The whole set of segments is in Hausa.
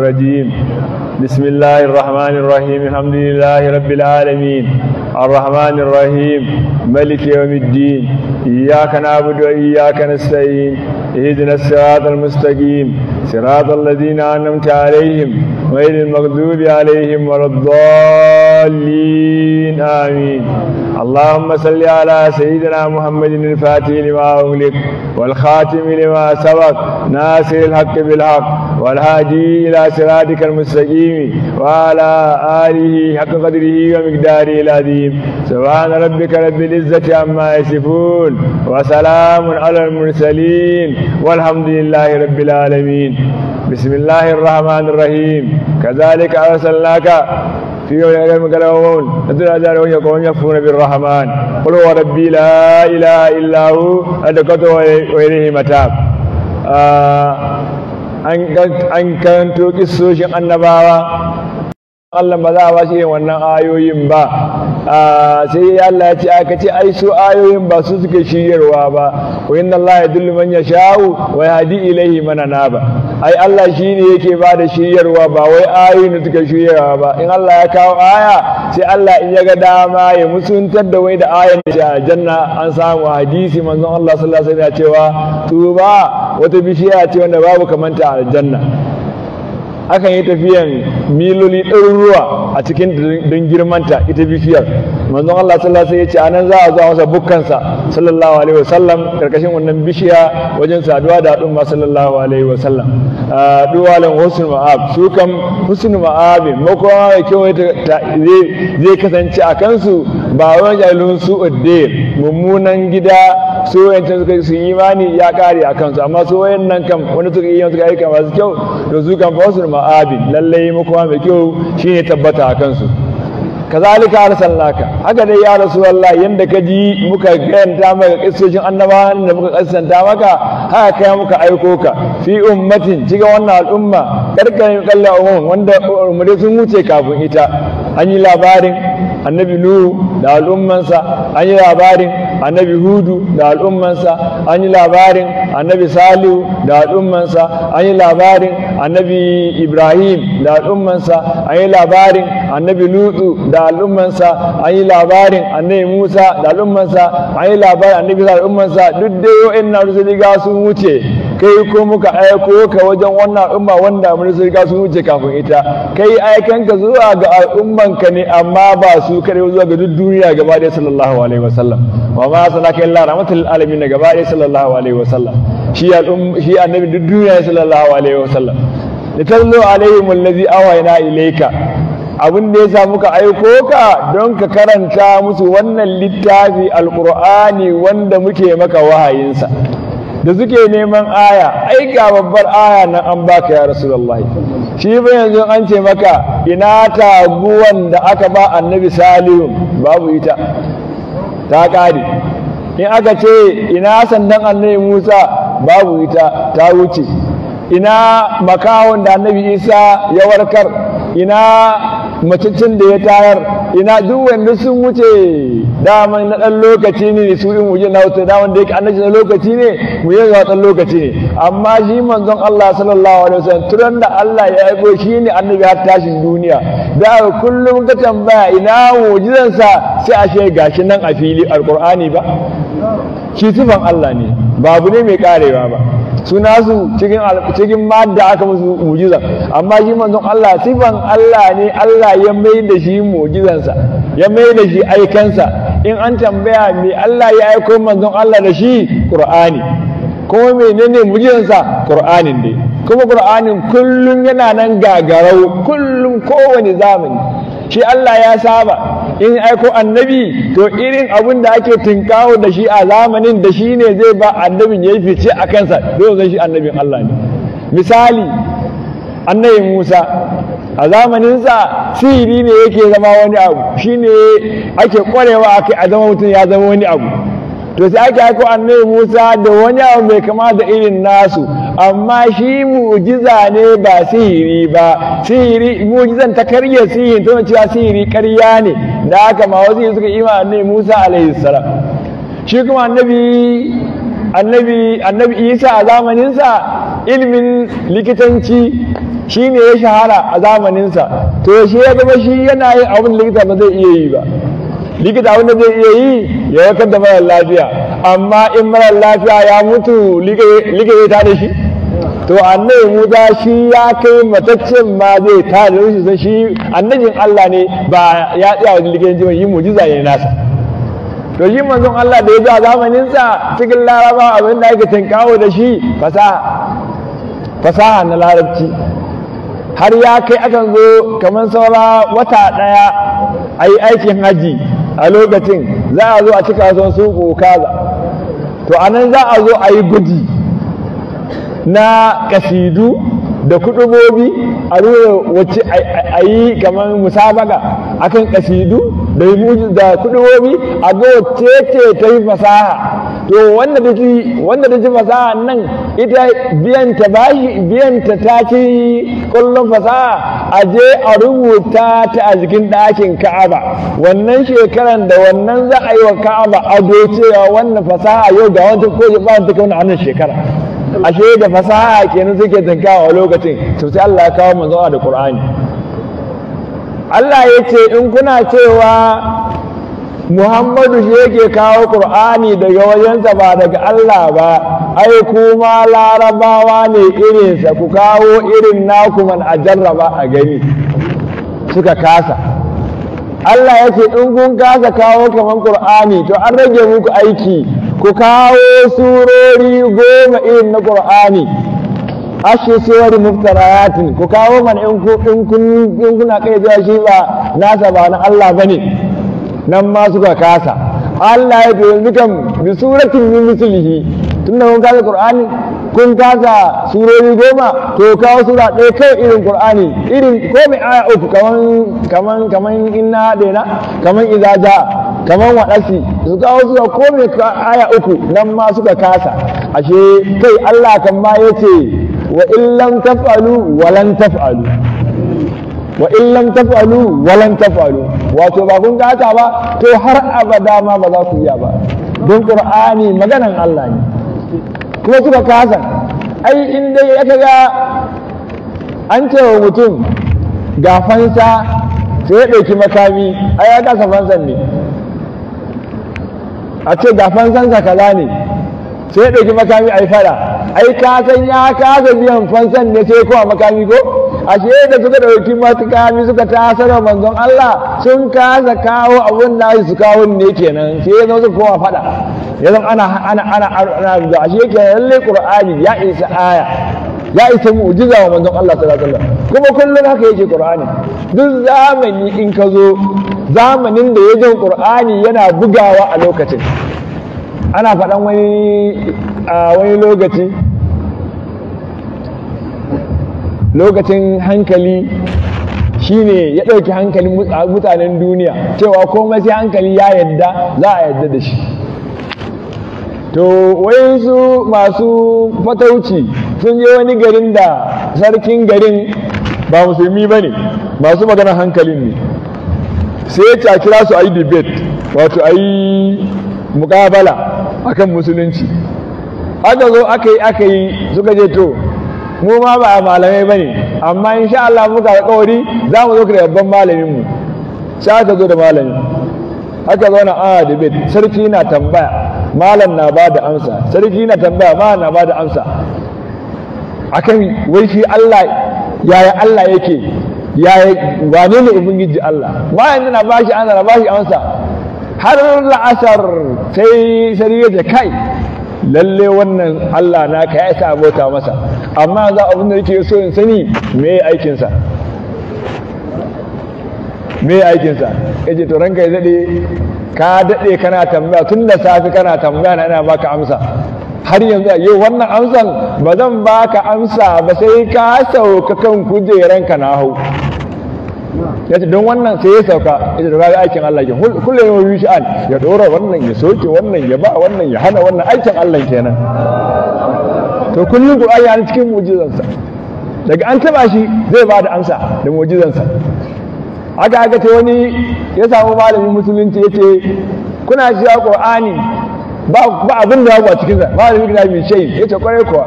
الرجيم بسم الله الرحمن الرحيم الحمد لله رب العالمين الرحمن الرحيم ملك يوم الدين إياك نعبد وإياك نستعين اهدنا الصراط المستقيم صراط الذين أنعمت عليهم غير المغضوب عليهم ولا الضالين آمين اللهم صل على سيدنا محمد الفاتح لما أغلق والخاتم لما سبق ناصر الحق بالحق والهادي إلى صراطك المستقيم وعلى آله حق قدره ومقداره العظيم سبحان ربك رب العزة عما يصفون وسلام على المرسلين والحمد لله رب العالمين بسم الله الرحمن الرحيم كذلك أرسلناك في يوم يقولون أدرى ذلك يقولون يكفون بالرحمن قل هو ربي لا إله إلا هو أدقته وإليه متاب آه an karanto kisoshin annabawa Allah ba za a ba shi wannan ayoyin ba ah, sai Allah ya ce aka ce ai su ayoyin ba su suke shiryarwa ba wa inna Allah ya dullu man sha'u wa yahdi ilayhi man anaba ai Allah shi ne yake ba da shiryarwa ba wai ayoyin suka shiryarwa ba in Allah ya kawo aya sai Allah in ya ga dama ya musuntar da wai da ayan da janna an samu hadisi manzon Allah sallallahu alaihi wasallam cewa tuba wata bishiya ce wanda babu kamanta aljanna akan yi tafiyan miloli ɗaruruwa a cikin don girmanta ita bishiyar manzon Allah sallallahu alaihi wasallam ya ce anan za a zo masa bukkansa sallallahu alaihi wasallam karkashin wannan bishiya wajen saduwa da ma sallallahu alaihi wasallam duwalan husnul ma'ab su kam husnul ma'ab makowa ya ta zai kasance a kansu ba wani jalun su mummunan gida su wayancan suka su imani ya kare a kansu amma su nan kam wani suka yi suka aika masu kyau to su kan fa wasu ma'abi lallai makuwa mai kyau shine tabbata a kansu kazalika laka haka dai ya rasu rasulullahi yanda ka ji muka gayanta maka kissoshin annabawan da muka kassanta maka haka kai muka aiko ka fi ummatin cikin wannan al'umma karkarin kallon umar wanda umare sun wuce kafin ita an yi labarin annabi nuhu da al'ummansa an yi labarin annabi hudu da al'ummansa an yi labarin annabi salihu da al'ummansa an yi labarin annabi ibrahim da al'ummansa an yi labarin annabi lutsu da al'ummansa an yi labarin annabi musa da al'ummansa an yi labarin annabi da al'ummansa duk dai yo'in na rusuli sun wuce kai ko muka aiko ka wajen wannan al'umma wanda mun riga sun wuce kafin ita kai aikanka zuwa ga al'umman ka ne amma ba su kare zuwa ga duk duniya gaba da sallallahu alaihi wasallam wa ma sanaka illa rahmatul alamin gaba da sallallahu alaihi wasallam shi al'um shi annabi duk duniya sallallahu alaihi wasallam da tallo alaihim mullazi awayna Ilaika. abin da ya sa muka aiko ka don ka karanta musu wannan littafi alqur'ani wanda muke maka wahayinsa da suke neman aya ai ga babbar aya na an baka ya rasulullahi shi ba yanzu an ce maka ina taguwan da aka ba annabi salihu babu ita ta kare in aka ce ina sandan annabi musa babu ita ta wuce ina makahon da annabi isa ya warkar ina macicin da ya tayar ina duk wanda sun wuce dama na ɗan lokaci ne su in wuje na wuce dama da yake annabi na lokaci ne mu yi zuwa ɗan lokaci ne amma shi manzon Allah sallallahu alaihi wasallam turan da Allah ya aiko shi ne annabi har tashin duniya da kullum ka tambaya ina mujizansa sai a ashe gashi nan a fili alqur'ani ba shi sifan Allah ne babu ne mai karewa ba suna su cikin cikin da aka musu mujiza amma shi manzon Allah sifan Allah ne Allah ya mai da shi mujizansa ya mai da shi aikansa in an tambaya me Allah ya aiko manzon Allah da shi Qur'ani kuma menene mujizansa Qur'anin dai kuma Qur'anin kullum yana nan gagarau kullum kowane zamani shi Allah ya saba in aiko annabi to irin abun da ake tinkawo da shi a zamanin da shi ne zai ba annabin ya yi fice a kansa zai zai shi annabin Allah ne misali annabi Musa a zamaninsa sihiri ne yake zama wani abu shi ne ake kwarewa a kai a zama mutum ya zama wani abu to sai aka aiko annabi Musa da wani abu mai kama da irin nasu amma shi mu'jiza ne ba sihiri ba sihiri mu'jizan ta karya sihiri to cewa sihiri karya ne da aka ma wasu suka yi ma annabi Musa alaihi salam shi kuma annabi annabi annabi Isa a zamanin sa, ilimin likitanci shine ya shahara a zamaninsa to shi ya gaba shi yana yin abin likita ba zai iya yi ba likita wanda zai iya yi ya warkar da marar lafiya amma in marar lafiya ya mutu liga ta da shi to annabi musa shi ya kai mataccen ma zai tada da shi san shi annabin allah ne ba ya tsaya wajen likitan jima yi mujiza ne nasa to yi manzon allah da ya ja zamaninsa cikin laraba abin da ake tinkawo da shi fasaha na larabci har ya kai akan zo kamar saura wata ɗaya a yi aikin haji a lokacin za a zo a ci son suku kaza to a nan za a zo a yi gudi na kasidu da kudubobi a ruwa wacce a yi kamar musabaka akan kasidu da kudubobi a zo tete ta yi fasaha to wanda da ji wanda da ji fasaha nan ita biyan ta bashi biyan ta ci kullum fasaha a je a rubuta ta a jikin ɗakin Ka'aba wannan shekaran da wannan za a yi wa Ka'aba ado cewa wannan fasaha yau ga wata ko ba ta kauna a nan shekara ashe da fasaha kenan suke tankawa lokacin to sai Allah ya kawo zuwa da Qur'ani Allah ya ce in kuna cewa muhammadu shi yake kawo ƙur'ani daga wajensa ba daga allah ba ai kuma larabawa ne irinsa ku kawo irin naku man a jarraba a gani suka kasa allah ya ce in kun kasa kawo kamar ƙur'ani to an rage muku aiki ku kawo surori goma irin na ƙur'ani ashe suwar ku kawo man in kuna kai shi ba nasa ba na allah ba ne nan ma suka kasa Allah ya tuyo dukan bi suratin min mislihi da kun kasa Qur'ani kun kasa surori goma to kawo sura ɗaya kai irin Qur'ani irin ko mai aya uku kaman kaman kaman inna daina kaman idza jaa kaman wadasi su kawo sura ko mai aya uku nan ma suka kasa ashe kai Allah kan ma yace wa in taf'alu wa lan taf'alu wa illan taf'alu wa lan taf'alu wato ba kun ga ba to har abada ma ba za ku iya ba don qur'ani maganan Allah ne kuma suka kasa ai in dai aka ga an ce wa mutum ga fansa sai ya ɗauki makami ai ya kasa fansan ne a ce ga sa kaza ne sai ya ɗauki makami ai fara ai ka san ya kasa biyan fansan ne sai ya kowa makami ko ashe da suka ɗauki matuƙa suka tasara manzon Allah sun kasa kawo abun da su kawo ne kenan sai ya zama kowa faɗa yadda ana ana ana ana ana ashe kenan lalle Qur'ani ya isa aya ya isa mu'jiza wa manzon Allah sallallahu alaihi wasallam kuma kullum haka yake Qur'ani duk zamani in ka zo zamanin da ya jin Qur'ani yana bugawa a lokacin ana faɗan wani a wani lokaci lokacin hankali shine ya ɗauki hankalin mutanen duniya cewa komai sai hankali ya yadda za a yadda da shi to wayansu masu fatauci sun je wani garin da sarkin garin ba musulmi ba ne masu maganar hankalin ne sai ya su a yi debate wato a yi mukabala akan musulunci aka zo aka yi aka yi suka je to mu ma ba a malamai bane amma in sha Allah muka kawari za mu zo da babban malamin mu sha aka zo da malami Haka zauna a debate sarki na tambaya malam na ba da amsa sarki na tambaya malam na ba da amsa akan wai shi Allah yaya Allah yake yaya wane ne ubangiji Allah malam na ba shi ana na ba shi amsa har la'asar sai sarki ya kai lalle wannan Allah naka ya isa masa amma za abin da yake so in sani me aikin sa me aikin sa yace to ranka ka daɗe kana tambaya tun da safi kana tambaya na ina baka amsa har yanzu yau wannan amsan ba zan baka amsa ba sai ka sauka kan kujeranka na hau ya ce don wannan sai ya sauka ya ce da aikin Allah ke kullum yau yi an ya dora wannan ya soke wannan ya ba wannan ya hana wannan aikin Allah kenan to kullum ku ya ni cikin mujizansa daga an taba shi zai ba da amsa da mujizansa aka haka ta wani ya samu malamin musulunci ya ce kuna shiga qur'ani ba abin da ba cikin sa malamin gina mai shayi ya ce kwarai kuwa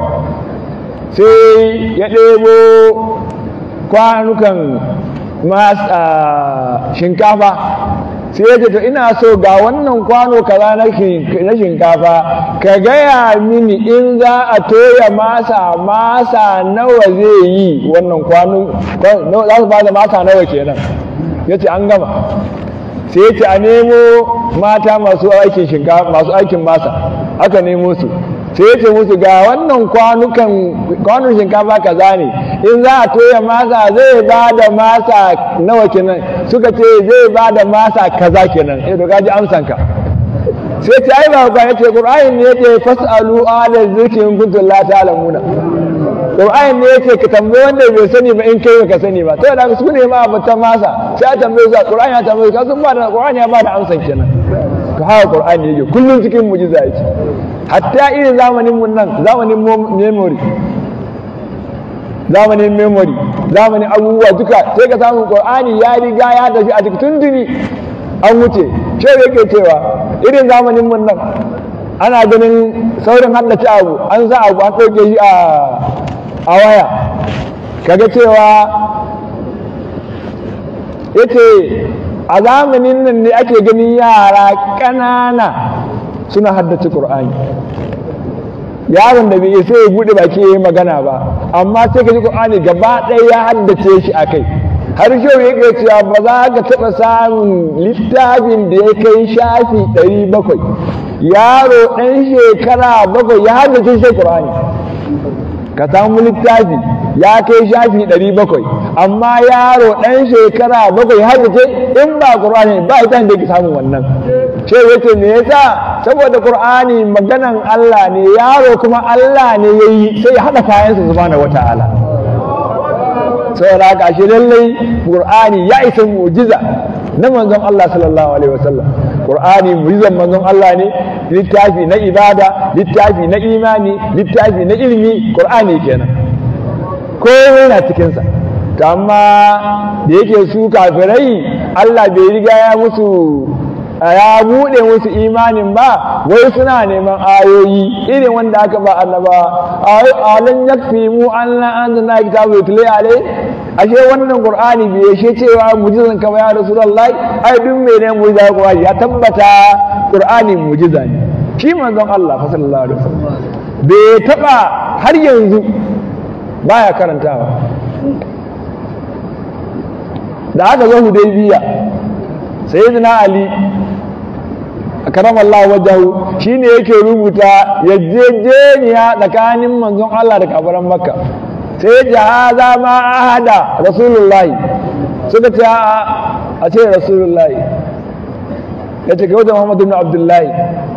sai ya ɗebo kwanukan Ah, shinkafa sai ya ce to ina so ga wannan kwano kaza na shinkafa ka gaya mini in za a toya masa masa nawa zai yi wannan kwano za su bada masa nawa kenan ya ce an gama sai ya ce a nemo mata masu aikin masa aka nemo su sai ya ce musu ga wannan kwanukan kwanon shinkafa kaza ne in za a toya masa zai ba da masa nawa kenan suka ce zai ba da masa kaza kenan eh to kaji amsan ka sai ce ai ba ya ce qur'ani ne ya yace fasalu ala zikin kuntum la ta'lamuna qur'ani ne ya ce ka tambayi wanda bai sani ba in kai ka sani ba to da su ne ma abu ta masa sai a tambayi zuwa qur'ani ya tambayi kasu sun ba da qur'ani ya ba da amsan kenan ka haka ya yake kullum cikin mu'jiza ce hatta irin zamanin mun nan zamanin memory zamanin memory zamanin abubuwa duka sai ka samu qur'ani ya riga ya tafi a tun dini an wuce ce yake cewa irin zamanin mun nan ana ganin saurin haddace abu an sa abu an ɗauke shi a waya kaga cewa yace a zamanin nan ne ake ganin yara ƙanana suna haddace ƙur'ani yaron da bai sai ya buɗe baki yi magana ba amma sai ka ji ƙur'ani, gaba ɗaya ya haddace shi a kai. har yau ya cewa ba za ka taɓa samun littafin da ya kai shafi ɗari bakwai yaro ɗan shekara bakwai ya haddace shi ƙur'ani. ka samu littafi ya kai shafi ɗari bakwai amma yaro ɗan shekara bakwai har ce in ba ƙur'ani ba ita da ke samun wannan ce yake me yasa saboda ƙur'ani maganan Allah ne yaro kuma Allah ne ya yi sai ya haɗa kayansa subhanahu wata'ala saboda haka shi lallai ƙur'ani ya isa mu'jiza na manzon Allah sallallahu alaihi wasallam ƙur'ani mu'jizan manzon Allah ne littafi na ibada littafi na imani littafi na ilimi ƙur'ani kenan komai na cikinsa to amma da yake su kafirai Allah bai riga ya musu ya buɗe musu imanin ba wai suna neman ayoyi irin wanda aka ba alin alan fi mu an la kitabu yutla alai ashe wannan qur'ani bai yashe cewa mujizan kama ya rasulullah ai duk mai ne mujiza ko ya tabbata qur'ani mujiza ne shi manzon Allah sallallahu alaihi wasallam bai taɓa har yanzu baya karantawa da aka zo hudaybiya sayyidina ali karam Allah wajahu shine yake rubuta yajjejeniya tsakanin manzon Allah da kafiran Makka sai jahaza ma ahada rasulullahi suka ce a ce rasulullahi ya ce kawai da Muhammad ibn Abdullahi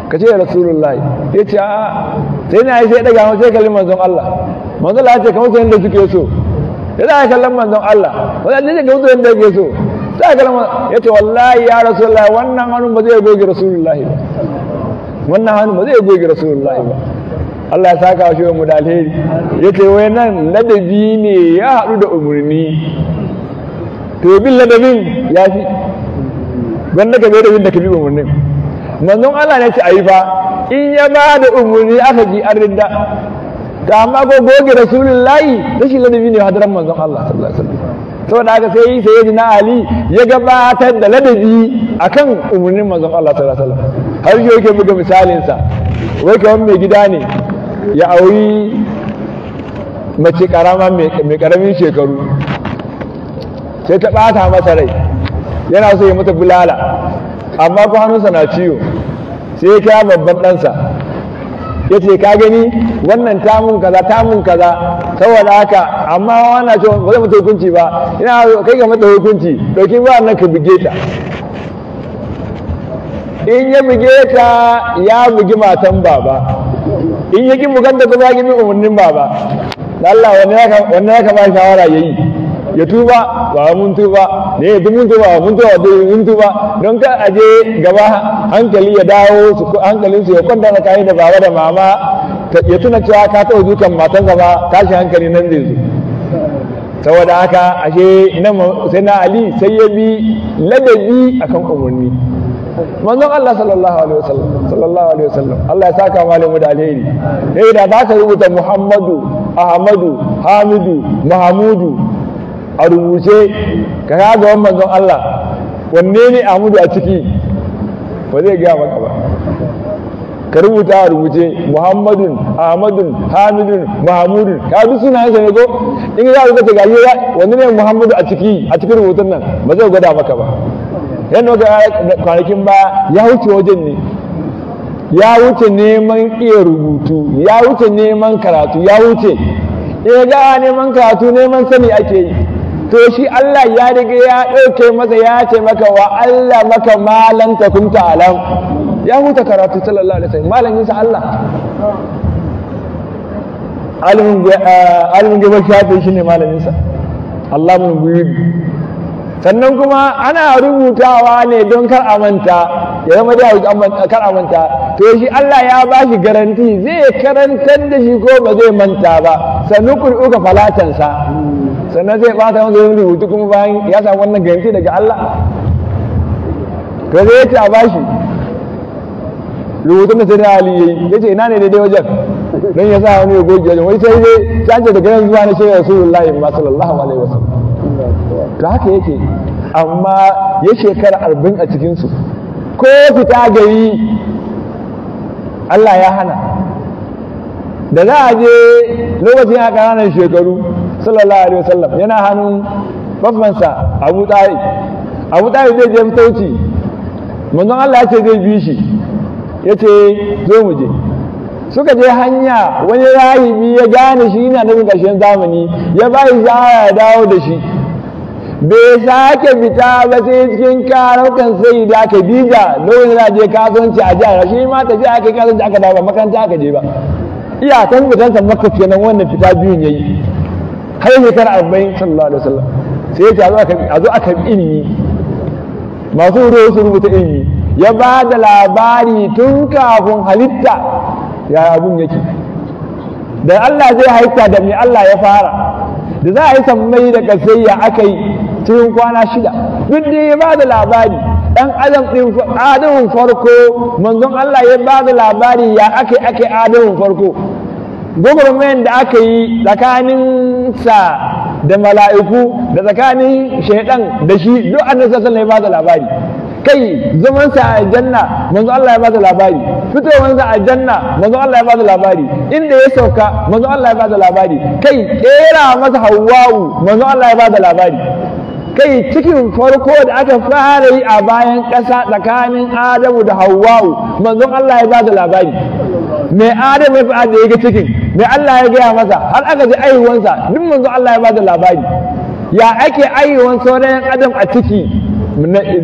ka ce rasulullahi ya ce a sai na yi sai daga hau sai kalin manzon Allah manzo Allah ya ce kamar ku suke so ya za a kallon manzon Allah wanda ne ga wuzo yanda yake so sai kallon ya ce wallahi ya rasulullahi wannan hannun ba zai goge rasulullahi ba wannan hannun ba zai goge rasulullahi ba Allah ya saka shi mu da alheri ya ce wai nan ladabi ne ya haɗu da umarni to bin ladabin ya fi wanda ka bai da bin da ka bi umarnin manzon Allah ne ce ayi fa in ya ba da umarni aka ji an rinda da amma ko goge rasulullahi rashin ladabi ne hadiran manzon Allah sallallahu alaihi wasallam saboda haka sai sai na ali ya gabatar da ladabi akan umarnin manzon Allah sallallahu alaihi wasallam har yau yake buga misalin sa wai kaman mai gida ne ya auri mace karama mai karamin shekaru sai ta bata masa rai yana so ya mata bulala amma ko hannunsa na ciwo sai ya kira babban ɗansa ya ce ka gani wannan tamun kaza tamun kaza saboda haka amma wana ce ba zai mutu hukunci ba ina kai ga mutu hukunci dauki ba nan ka buge ta in ya buge ta ya bugi matan baba in ya ki bugan da ba ya ki umarnin baba Allah wanne ya kama shawara ya yi ya tuba ba mun tuba ne duk mun tuba mun tuba duk mun tuba don kar aje gaba hankali ya dawo su hankalin su ya kwanta tsakanin da baba da mama ya tuna cewa ka taɓa dukan matan gaba tashi hankali nan zai zo saboda haka ashe nan sai na ali sai ya bi ladabi akan umarni manzon Allah sallallahu alaihi wasallam sallallahu alaihi wasallam Allah ya saka malamu da alheri eh da za ka rubuta Muhammadu Ahmadu Hamidu Mahmudu a rubuce ka kaga wani manzon Allah wanne ne Ahmadu a ciki ba zai gaya maka ba ka rubuta a rubuce Muhammadun Ahmadun Hamidun Mahamudun ka duk suna yansa ne ko in za a rubuta ga yi wanne ne Muhammadu a ciki a cikin rubutun nan ba zai gwada maka ba yadda ga kwanakin ba ya wuce wajen ne ya wuce neman iya rubutu ya wuce neman karatu ya wuce ya ga neman karatu neman sani ake yi to shi Allah ya riga ya ɗauke masa ya ce maka wa Allah maka malan ta kunta alam ya huta karatu sallallahu alaihi wasallam malan yinsa Allah alimin gaba eh, shafi shi ne malaminsa Allah mun guyi sannan kuma ana rubutawa ne don kar a manta ya zama da kar a manta to shi Allah ya ba shi garanti zai karantar da shi ko ba zai manta ba sanukul uka falatansa sannan zai bata masa wani rubutu kuma bayan ya samu wannan garanti daga Allah to zai yace a bashi rubutun da sai da Ali yayi yace ina ne daidai wajen don ya sa wani ya goge wajen wai sai zai canje daga yanzu zuwa na shi Rasulullahi sallallahu alaihi wasallam ta haka yake amma ya shekara arba'in a cikinsu ko fita gari Allah ya hana da za a je lokacin a ƙananan shekaru sallallahu alaihi wasallam yana hannun babbansa abu talib abu talib zai je mutauci manzon Allah ya ce zai bi shi ya ce zo mu je suka je hanya wani rahibi ya gane shi yana nufin ƙarshen zamani ya ba shi ya dawo da shi bai sake fita ba sai cikin karaukan sai da aka bija lokacin da je kasuwanci a jihar shi ma ta je aka kasuwanci aka dawo makaranta aka je ba iyakan fitansa makka nan wannan fita biyun yayi har shekara arba'in sallallahu alaihi wasallam sai ya ce a zo aka bi ilimi masu wuri su rubuta ilmi ya ba da labari tun kafin halitta ya abun yake da Allah zai halitta da me Allah ya fara da za a yi sammai da kasayya aka yi cikin kwana shida duk da ya ba da labari dan adam ɗin adamun farko manzon Allah ya ba da labari ya ake ake adamun farko gwagwarmayan da aka yi tsakanin sa da mala'iku da tsakanin shaidan da shi duk annabi sallallahu ya bada labari kai zamansa a janna manzo Allah ya bada labari sa a janna manzo Allah ya bada labari inda ya sauka manzo Allah ya bada labari kai kera masa hawwa'u manzo Allah ya bada labari kai cikin farko da aka fara yi a bayan ƙasa tsakanin Adamu da Hawwa'u manzon Allah ya bada labari mai adam ya faɗa da ya ga cikin mai Allah ya gaya masa har aka ji aihuwansa duk manzo Allah ya bada labari ya ake ayyuwan saurayin adam a ciki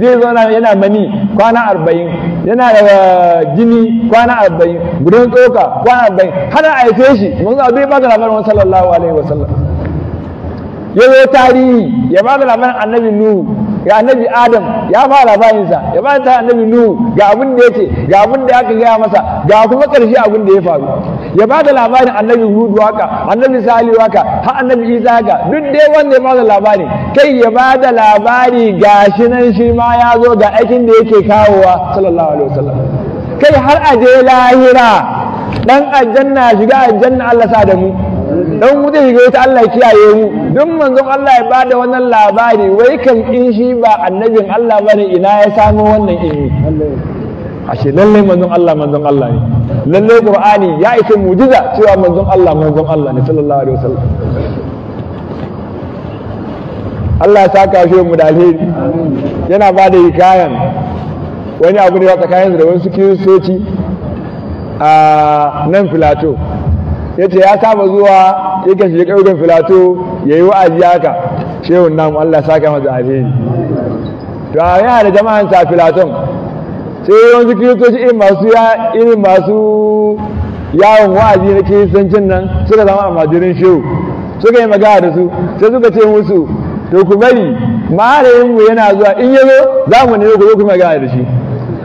zai zauna yana mani kwana arba'in yana da uh, jini kwana arba'in gudun tsoka kwana arba'in har a haife shi manzo ba bada labarin wani sallallahu alaihi wasallam ya zo tarihi ya bada labarin annabi nuhu ga annabi adam ya fara bayinsa ya ba ta annabi nuhu ga abin da ce, ga abin da aka gaya masa ga kuma karshe abun da ya faru ya ba da labarin annabi hudu haka annabi salihu haka har annabi isa haka duk dai wanda ya ba da labari kai ya ba da labari ga shi nan shi ma ya zo ga aikin da yake kawowa sallallahu alaihi wasallam kai har aje lahira dan aljanna shiga aljanna Allah sa da mu dan zai shiga wuta Allah ya kiyaye mu duk manzon Allah ya bada wannan labari wai kan in shi ba annabin Allah bane ina ya samo wannan ilimi ashe lalle manzon Allah manzon Allah ne lalle qur'ani ya isa mujiza cewa manzon Allah manzon Allah ne sallallahu alaihi wasallam Allah ya saka shi mu da alheri yana ba da hikayan wani abu ne ya tsakanin da wasu kiristoci a nan filato ya ce ya saba zuwa yake shiga ƙauyen filato ya yi wa'azi haka shehun namu Allah saka masa alheri to a yana da jama'an sa filaton sai yawanci kiristoci irin masu ya irin masu yawon wa'azi na kiristancin nan suka zama a majirin shehu suka yi magana da su sai suka ce musu to ku bari malamin mu yana zuwa in ya zo za mu ne ku zo ku magana da shi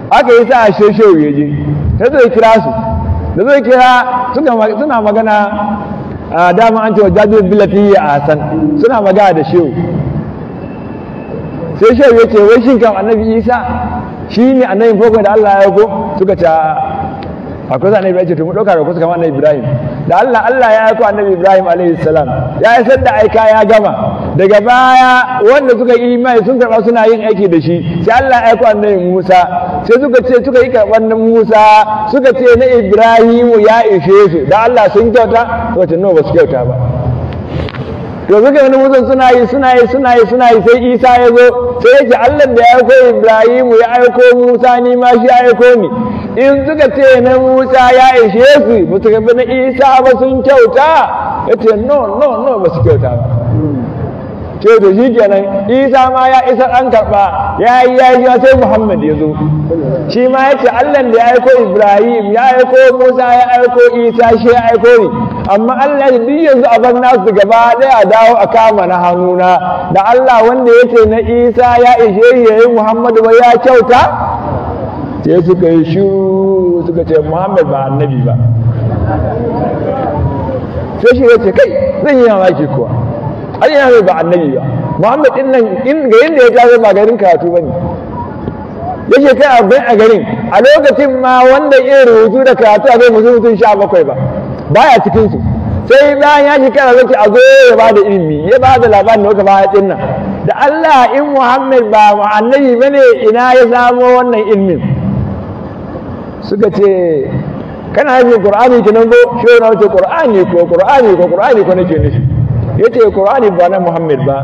aka yi sa a shehu ya je sai zai kira su da zai kira suna magana a dama an cewa jajin bilafi a hasan suna magana da shehu sai shehu ya ce wai shi kam annabi isa shi ne annabi farko da allah ya ko suka ce akwai zane ibrahim ce to mu ɗauka ga kusa kama annabi ibrahim da Allah Allah ya aiko annabi ibrahim alaihi salam ya isar da aika ya gama daga baya wanda suka yi imani sun karɓa suna yin aiki da shi sai Allah ya aiko annabi musa sai suka ce suka yi karɓar na musa suka ce na ibrahim ya ishe su da Allah sun kyauta suka ce no ba su kyauta ba to suka yi musa suna yi suna yi suna yi suna yi sai isa ya zo sai yake Allah da ya aiko ibrahim ya aiko musa ni ma shi ya aiko ni in suka ce na musa ya ishe su ba su na isa ba sun kyauta ya ce no no no ba su kyauta ba ce da shi kenan isa ma ya isa an karɓa ya yi ya yi sai muhammad ya zo shi ma ya ce allan da ya aiko ibrahim ya aiko musa ya aiko isa shi ya aiko ni amma allah da duk yanzu a bar nasu gaba ɗaya a dawo a kama na hannuna da allah wanda ya ce na isa ya ishe ya yi muhammad ba ya kyauta sai suka yi shi suka ce muhammad ba annabi ba sai shi ce kai zan yi mamaki kuwa an yi yawa ba annabi ba muhammad din nan ga yadda ya taso ba garin karatu ba ne ya ce kai abin a garin a lokacin ma wanda iya rubutu da karatu a zai musu mutum sha bakwai ba ba baya cikinsu sai bayan ya kara zai a zo ya ba da ilimi ya ba da labarin da wata ba din nan da Allah in Muhammad ba annabi bane ina ya samo wannan ilimin? suka ce kana haifin qur'ani kenan ko shi na wuce qur'ani ko qur'ani ko qur'ani ko nake nufi ce qur'ani ba na muhammad ba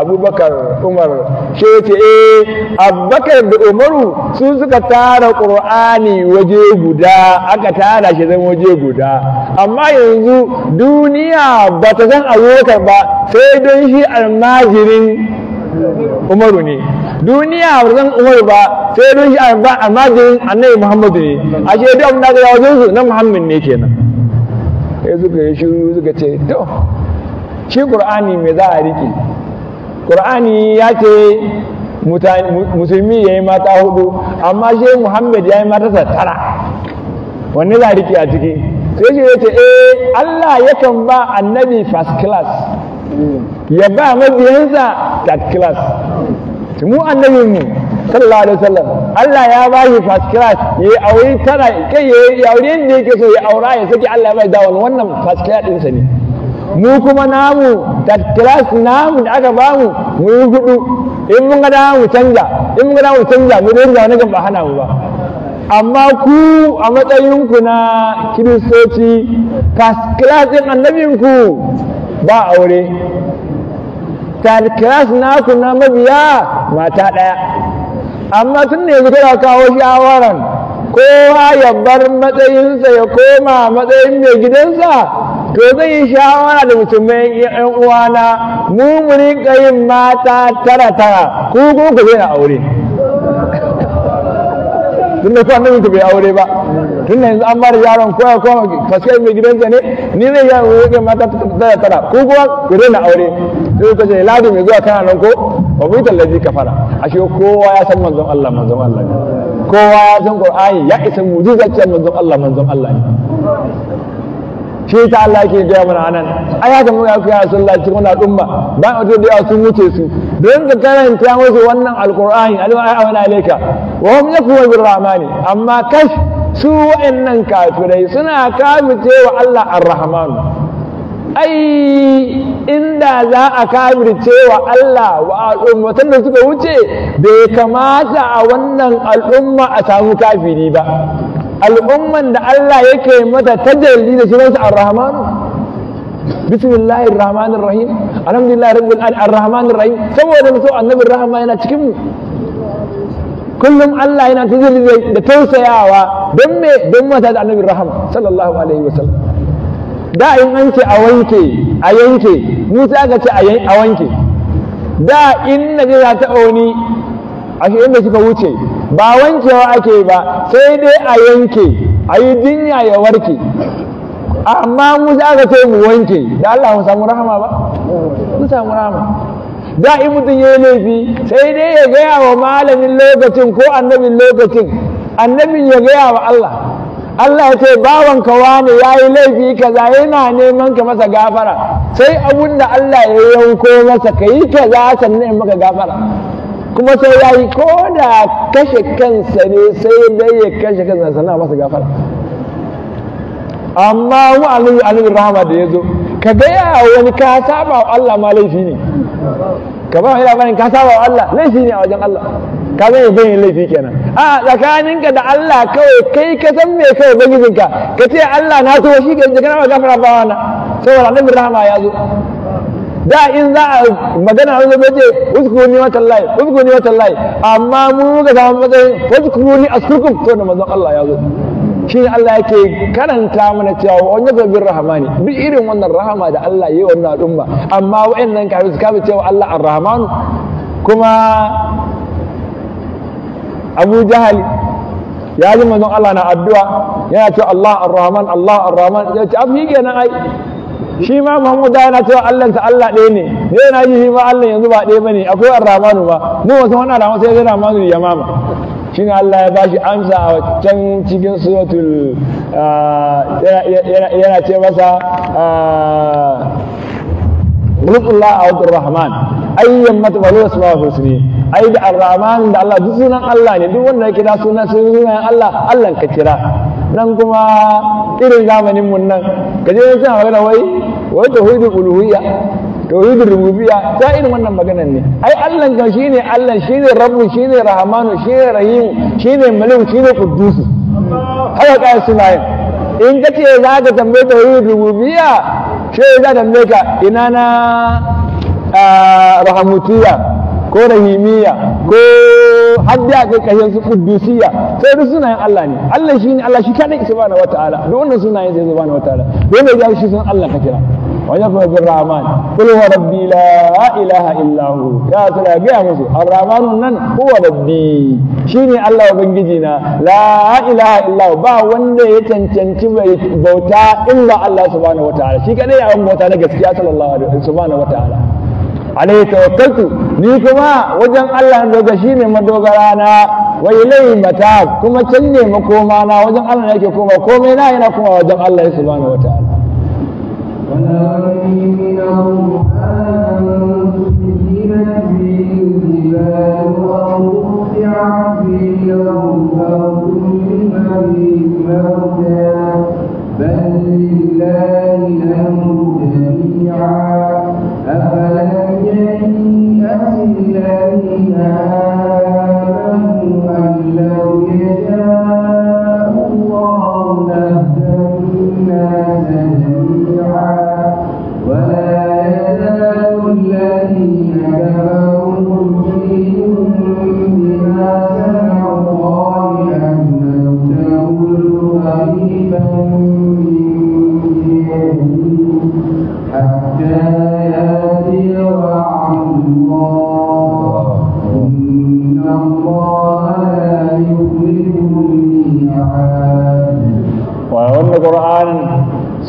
abubakar umar shi ce eh abubakar da umaru su suka tara qur'ani waje guda aka tara shi zan waje guda amma yanzu duniya ba ta san abubakar ba sai don shi almajirin umaru ne duniya ba zan umar ba sai don shi almajirin annabi muhammadu ne a ce duk da aka yawo su na muhammad ne kenan sai suka yi shiru suka ce to shi qur'ani me za a riƙe qur'ani ya ce musulmi ya yi mata hudu amma shi muhammad ya yi mata tara wanne za a riƙe a ciki sai shi ya ce eh allah yakan ba annabi first class hmm. ya ba mabiyansa third class mu annabi mu sallallahu alaihi wasallam Allah ya ba shi first class yayi aure tana kai yayi aure ne yake so ya aura ya saki Allah mai dawo wannan first class din sa ne mu kuma namu third class namu da aka ba mu yi gudu in mun ga mu canja in mun ga mu canja mu wani gaba hana mu ba amma ku a matsayinku na kiristoci first class din annabinku ba aure class naku na mabiya mata ɗaya amma tun ne yanzu kana kawo shawaran kowa ya bar matsayinsa ya koma matsayin mai gidansa to zai yi shawara da musulmai yan uwana mu mu rinka yin mata tara tara ku ku ku na aure tun da kwanan ku bai aure ba tun da yanzu an bar yaron koya koma kaskai mai gidansa ne ni zai yi ya wuce mata ta tara tara ko kuwa ku daina aure sai ka ce ladi mai zuwa kana nan ko wa ka fara a shi kowa ya san manzon Allah manzon Allah ne kowa ya san Qur'ani ya isa mu'jizacciyar manzon Allah manzon Allah ne shi ta Allah ke gaya mana anan ai haka ga ku ya sallah cikin wannan al'umma a wato da sun wuce su don ka karanta musu wannan alqur'ani alwa ai awana alayka wa hum yakfuru bir rahmani amma kash su wa'annan kafirai suna kamice wa Allah ar-rahman ai inda za a kafirce wa Allah wa al'ummatan da suka wuce bai kamata a wannan al'umma a samu kafiri ba al'umman da Allah yake mata tajalli da sunansa ar-rahman bismillahir rahmanir rahim alhamdulillah rabbil ar-rahmanir rahim saboda so annabin rahama yana cikin mu kullum Allah yana tajalli da tausayawa don me don mata da annabin rahama sallallahu alaihi wasallam da in an ce a wanke a yanke mu za aka ce a wanke da in na za ta wani ashirin da suka wuce ba wankewa ake ba sai dai a yanke a yi jinya ya warke amma mu za ka ce mu wanke da Allah mu samu rahama ba mu samu rahama da in mutum ya laifi sai dai ya gaya wa malamin lokacin ko annabin lokacin annabin ya gaya wa Allah Allah ya ce bawan kawa ne ya yi laifi kaza yana neman ka masa gafara sai abun da Allah ya yanko masa ka yi kaza sannan maka gafara kuma sai ya yi ko da kashe kansa ne sai dai ya kashe kansa sannan masa gafara amma mu annabi annabi rahama da ya zo ka gaya wani ka saba wa Allah ma laifi ne ka ba wani labarin ka saba wa Allah laifi ne a wajen Allah ka zai bayin laifi kenan a tsakaninka da Allah kawai kai ka san me kai bagijinka ka ce Allah na so shi ga jikana ba gafara ba wana saboda annabi rahama ya zo da in za a magana wani zai ce watan layi tallahi uzkuruni wa tallahi amma mu muka samu matsayin a askurkum ko da mazan Allah ya zo shi Allah yake karanta mana cewa wani yaka bin ne duk irin wannan rahama da Allah yi wannan al'umma amma wa'annan kafin su kafa cewa Allah ar-rahmanu kuma Abu Jahal ya ji zan Allah na addu'a yana cewa Allah ar-rahman Allah ar-rahman ya ce abin yana ai shi ma Muhammadu yana cewa Allah ta Allah ɗaya ne ne yana ji shi ma Allah yanzu ba ɗaya bane akwai Ar-Rahmanu ba ne wasu wani Rahmanu sai yana ya Yamama shi ne Allah ya bashi amsa a can cikin suratul ah, yana ce masa rukullah ah, a Rahman ayyan matbalu asma'ul husni ai da arrahman da Allah duk sunan Allah ne duk wanda ya kira sunan sunan Allah Allah ka kira nan kuma irin zamanin mun nan ka je wasu magana wai wai tauhidul uluhiyya tauhidul rububiyya ta irin wannan maganar ne ai Allah kan shine Allah shine rabbu shine rahmanu shine rahim shine malik shine quddus haka ka suna yin in ka ce za ka tambaye tauhidul rububiyya sai za ka tambaye ka ina na ah, rahamutiyya ko rahimiyya ko a kai kashin su qudusiyya sai duk sunayen Allah ne Allah shi ne Allah shi subhana wa ta'ala duk wannan sunayen sai subhanahu wataala dole ya shi sun Allah ka kira wa yakun bin rahman qul huwa rabbi la ilaha illa hu ya tsara ga musu ar-rahman nan huwa rabbi shine Allah ubangiji na la ilaha illa hu ba wanda ya cancanci bauta illa Allah subhanahu ta'ala shi kadai ya bauta na gaskiya sallallahu alaihi subhanahu ta'ala alaihi tawakkaltu ni kuma wajen Allah doga shine madogara na wa ilayhi mata kuma can ne makoma na wajen Allah yake koma komai na yana kuma wajen Allah subhanahu wataala بل لله الأمر جميعا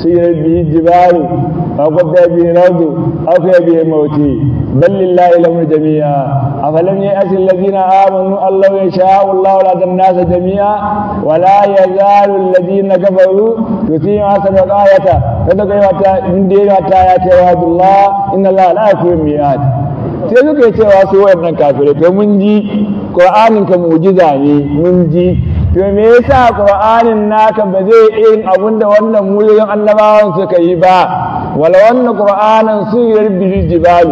سير به الجبال وقطع به الأرض أوفي به الموت بل لله لهم جميعا أفلم يأس الذين آمنوا الله يشاء الله لهدى الناس جميعا ولا يزال الذين كفروا يتيم حسن الآية فتقي من دين حتى يأتي وعد الله إن الله لا يكون الميعاد sai suka yi cewa su waɗannan kafirai to mun to me yasa qur'anin naka ba zai yin da wannan mulkin annabawan suka yi ba wala wannan qur'anin sirr yarbi jibal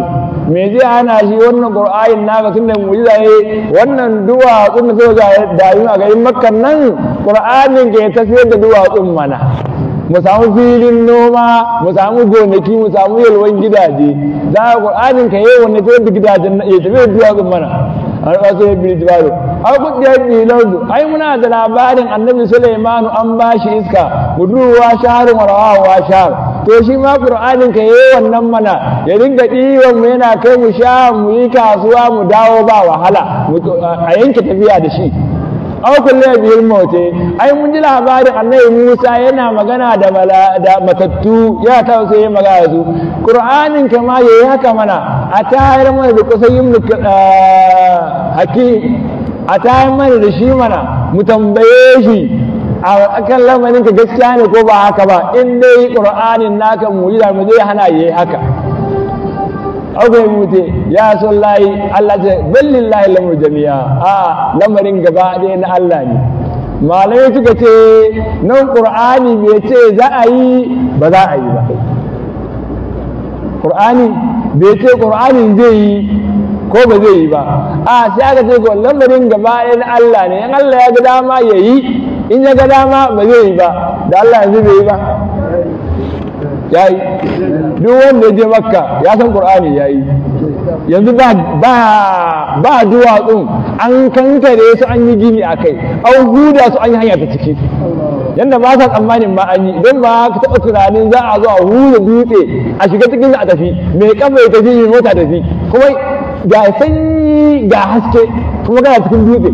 me zai ana shi wannan qur'anin naka tunda mu'jiza ne wannan kun da ga dayu a garin makkan nan qur'anin ke tafiyar da kun mana mu samu filin noma mu samu gonaki mu samu yalwan gidaje za a ƙur'anin ka yi wani ko da gidajen ya tafi kun mana a rasu ya jibal aw qudiyati lawdu ai muna da labarin annabi Sulaiman an ba shi iska budurwa sharu, wa wa to shi ma qur'anin ka yayi wannan mana ya dinga diwon mu yana kai mu sha mu yi kasuwa mu dawo ba wahala a yanke tafiya da shi aw kullu bihil mauti ai mun ji labarin annabi Musa yana magana da da matattu ya ta sai magana su Qur'anin kama yayi haka mana a tayar mana da yin eh, hakim a tayin mana da shi mana mu tambaye shi a kan lamarin ka gaskiya ne ko ba haka ba in dai qur'anin naka mu'jiza mu zai hana yayi haka akwai mutu ya son layi Allah ce ballin layi lamar jami'a a lamarin gaba ɗaya na Allah ne malamai suka ce nan qur'ani mai ce za a yi ba za a yi ba qur'ani bai ce qur'anin zai yi ko ba zai yi ba a sai aka ce ko lamarin gaba ɗaya Allah ne in Allah ya ga dama ya yi in ya ga dama ba zai yi ba da Allah yanzu bai yi ba ya yi duk wanda ya je makka ya san qur'ani ya yi yanzu ba ba duwatsun an kankare su an yi gini a kai an huda su an yi hanya ta ciki yadda ba sa tsammanin ma an yi don ba ka taɓa tunanin za a zo a huda dutse a shiga cikin a tafi mai kafa ya tafi mota tafi kuma ga sanyi ga haske kuma kana cikin dutse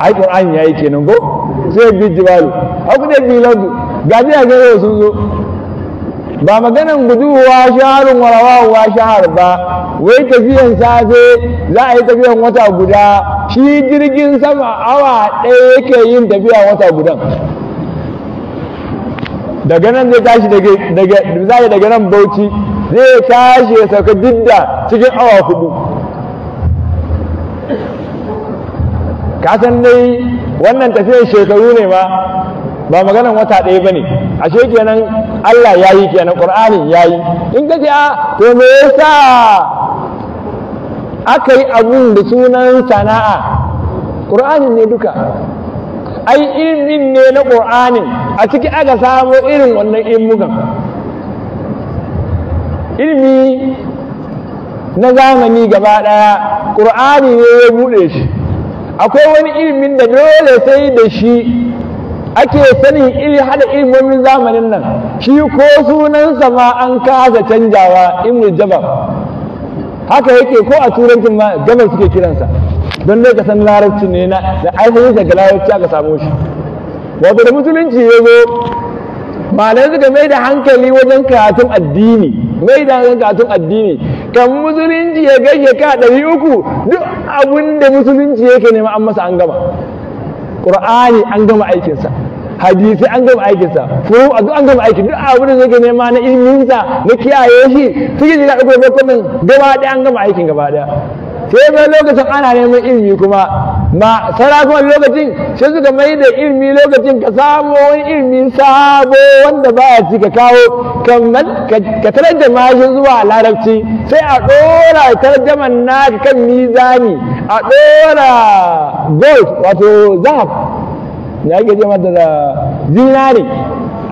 ai qur'ani yayi kenan ko, sai bi jibalu aku da bi ladu ga ji ga yau sun zo ba maganan guduwa shaharun warawa wa shahar ba wai tafiyan safe za a yi tafiyan wata guda shi jirgin sama awa ɗaya yake yin tafiya wata gudan daga nan zai tashi daga daga daga nan bauchi zai tashi ya sauka jidda cikin awa hudu kasan dai wannan tafiyar shekaru ne ma ba maganan wata ɗaya ba ne ashe kenan Allah ya yi kenan ƙur'anin ya yi in ka ce a to me yasa aka yi abin da sunan sana'a ƙur'anin ne duka ai ilmin ne na ƙur'anin a ciki aka samo irin wannan ilmukan ilmi na zamani gaba ɗaya ƙur'ani ne ya buɗe shi akwai wani ilmin da dole sai da shi ake sanin iri hada ilmomin zamanin nan shi ko sunansa ma an kasa canjawa imrul jabar haka yake ko a turancin ma jabar suke kiransa don dai ka san larabci ne na da ainihin daga larabci aka samu shi wato da musulunci ya zo malai suka mai da hankali wajen karatun addini mai da hankali karatun addini kan musulunci ya kai shekara ɗari uku duk abin da musulunci yake nema an masa an gama ƙur'ani an gama aikinsa hadisi an gama aikinsa furu a duk an gama aikin duk abin da yake nema na ilminsa na kiyaye shi suke shiga ɗaukar bakwai gaba ɗaya an gama aikin gaba ɗaya sai ba lokacin ana neman ilimi kuma ma sarakunan lokacin sai suka mai da ilimi lokacin ka samo wani ilimi sabo wanda ba ci ka kawo ka tarjama shi zuwa larabci sai a ɗora tarjaman na kan mizani a ɗora gold wato zahab ya ke mata da zinari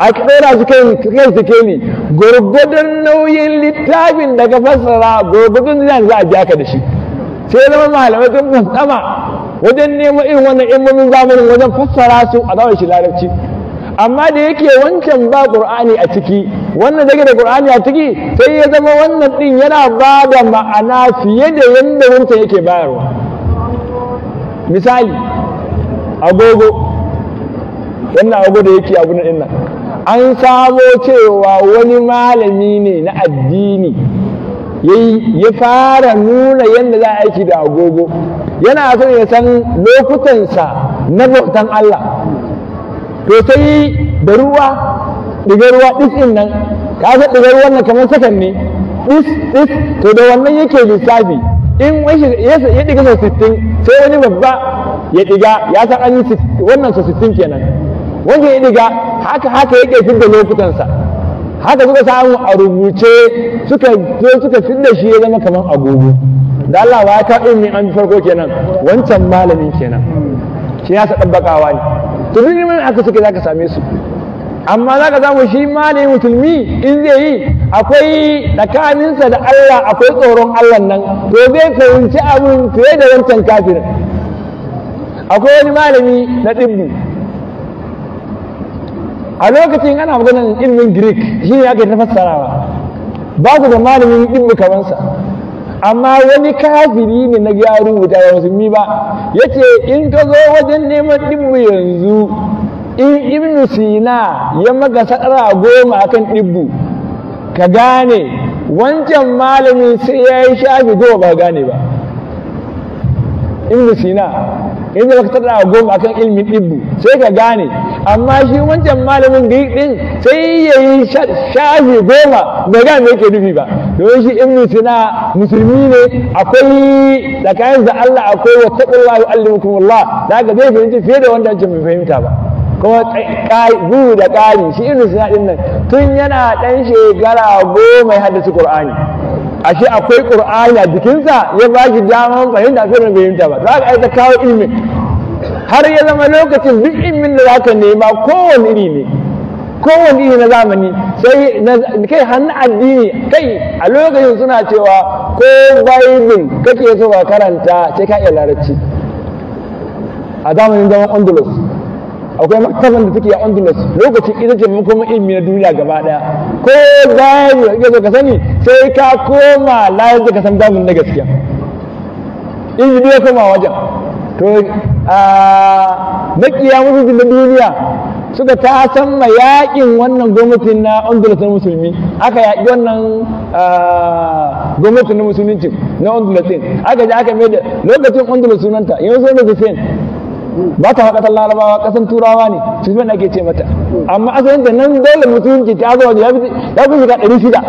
a ɗora su kai su ke ne gurgudun nauyin littafin daga fassara gurgudun zinari za a biya ka da shi sai zama malamai sun musamman wajen neman irin wannan ilmomin zamanin wajen fassara su a zama shi larabci amma da yake wancan ba ƙur'ani a ciki wannan zage da ƙur'ani a ciki sai ya zama wannan ɗin yana ba da ma'ana fiye da yadda wancan yake bayarwa misali agogo wannan agogo da yake abu na an samo cewa wani malami ne na addini ya fara nuna yadda za a aiki da agogo yana so ya san lokutansa na bautan Allah to sai da ruwa diga ruwa ɗis nan ka san diga ruwan nan kamar sakan ne ɗis ɗis to da wannan yake lissafi in wani ya diga sau sittin sai wani babba ya diga ya san an yi wannan sau sittin kenan wanda ya diga haka haka yake fitar da lokutansa haka suka samu a rubuce suka zo suka fidda shi ya zama kamar agogo da Allah ba ya kaɗo min an farko kenan wancan malamin kenan shi ya bakawa ne to duk neman aka suke za ka same su amma za ka samu shi malamin musulmi in zai yi akwai tsakaninsa da Allah akwai tsoron Allah nan to zai fahimci abin fiye da wancan kafirin akwai wani malami na ɗibbi a lokacin ana maganar ilimin greek shi ne yi ta fassarawa ba su da malamin ilmi kamansa amma wani kafiri ne na gyaru rubuta ba musulmi ba ya ce in ka zo wajen neman ɗibbu yanzu in ibnu sina ya maka sadara goma akan ɗibbu ka gane wancan malamin sai ya yi shafi goma ba gane ba ibnu sina yanzu ka tada goma akan ilmin ɗibbu sai ka gane amma shi wancan malamin greek ɗin sai ya yi shafi goma bai gane me yake nufi ba domin shi ibnu sina musulmi ne akwai tsakanin da Allah akwai wa taqullahi yu'allimukumullah da ga zai fahimci fiye da wanda wancan bai fahimta ba kuma gudu da ƙari shi ibnu sina ɗin nan tun yana ɗan shekara goma ya haddasa qur'ani ashe akwai qur'ani a jikinsa ya ba shi daman fahimta sai ban fahimta ba za ka ai ta kawo ilimi har ya zama lokacin duk ilimin da ka nema kowane iri ne kowane iri na zamani sai kai hannu addini kai a lokacin suna cewa ko bible kake so ka karanta sai ka iya larabci a zamanin zaman andalus akwai makasar da take a ondulus lokaci ita ce makomin ilimi na duniya gaba daya ko zai ya zo ka sani sai ka koma layar da ka san damun na gaskiya ilimi biya koma wajen to a makiya musulmi na duniya suka ta san ma yakin wannan gwamnati na ondulus na musulmi aka yaƙi wannan gwamnati na musulmi na ondulus aka ji aka mai da lokacin ondulus sunanta yanzu ondulus ba ta haƙatar larabawa ƙasar turawa ne su sufiyan ake ce mata amma asalin ta nan dole musulunci ta zo waje ya fi shiga ɗari shida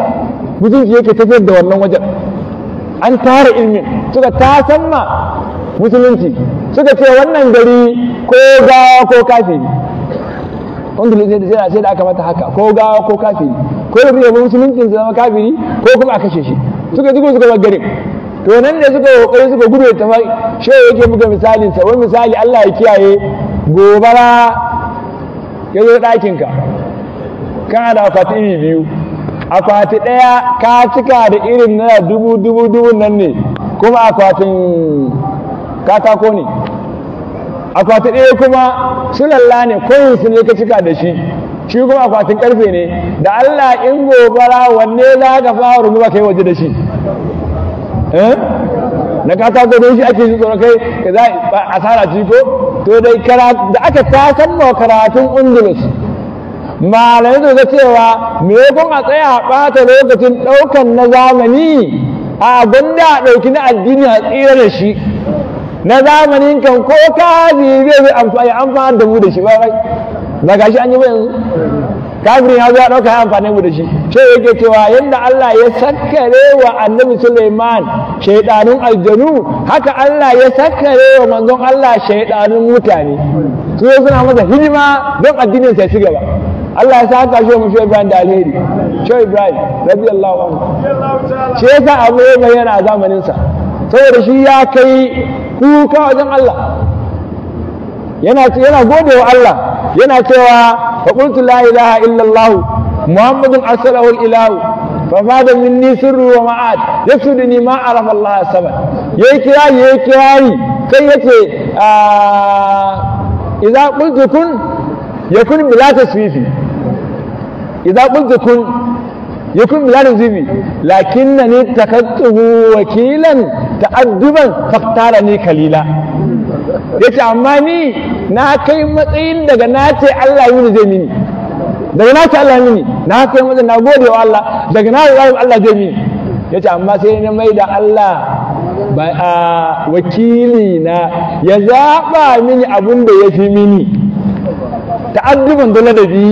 musulunci yake tafiyar da wannan wajen an tara ilmin suka ma musulunci suka ce wannan gari ko gawa ko kafiri wanda sai da aka mata haka ko gawa ko kafiri ko da biyar musulunci su zama kafiri ko kuma a kashe shi suka jigo suka bar garin to nan da suka kokari suka gudu da tafai shi yake buga misalin sa wani misali Allah ya kiyaye gobara ya zo ɗakin ka kana da akwati iri biyu akwati ɗaya ka cika da irin na dubu dubu dubu nan ne kuma akwatin katako ne akwati ɗaya kuma sulalla ne koyin sun ne ka cika da shi shi kuma akwatin karfe ne da Allah in gobara wanne za ka fara rubuwa kai waje da shi eh? na katako don shi ake shi kai ka za a asara ci ko to dai da aka ta ma karatun ungulus malamai su cewa me kun a tsaya a ɓata lokacin ɗaukan na zamani a abin a ɗauki na addini a tsira da shi na zamanin kan ko kazi zai zai amfani da mu da shi ba ba gashi an yi ba yanzu kafirin ya zo ya ɗauka ya amfani mu da shi ce yake cewa yadda Allah ya sakare wa annabi Suleiman shaidanun aljanu haka Allah ya sakare wa manzon Allah shaidanun mutane su suna masa hidima don addinin sai ci gaba Allah ya sa haka shi mu Ibrahim da alheri shi Ibrahim radiyallahu anhu shi sa abu ya bayyana a zamanin saboda shi ya kai kuka wajen Allah yana gode wa Allah yana cewa fa qultu la ilaha illa allah muhammadun arsalahu al-ilahu fa mada minni sirru wa ma'ad yasudni ma arafa allah sabab yayi kirari yayi kirari sai yace ah, idza qultu kun yakun bila tasfifi idza qultu kun يكون بلاد زبي لكنني اتخذته وكيلا تأدبا فاختارني kalila. ya ce amma ni na kai matsayin daga na ce Allah yi zai mini daga na ce Allah mini na kai matsayin na gode wa Allah daga na zai Allah zai mini ya ce amma sai na mai da Allah a wakili na ya zaɓa mini abin da ya fi mini dole da ladabi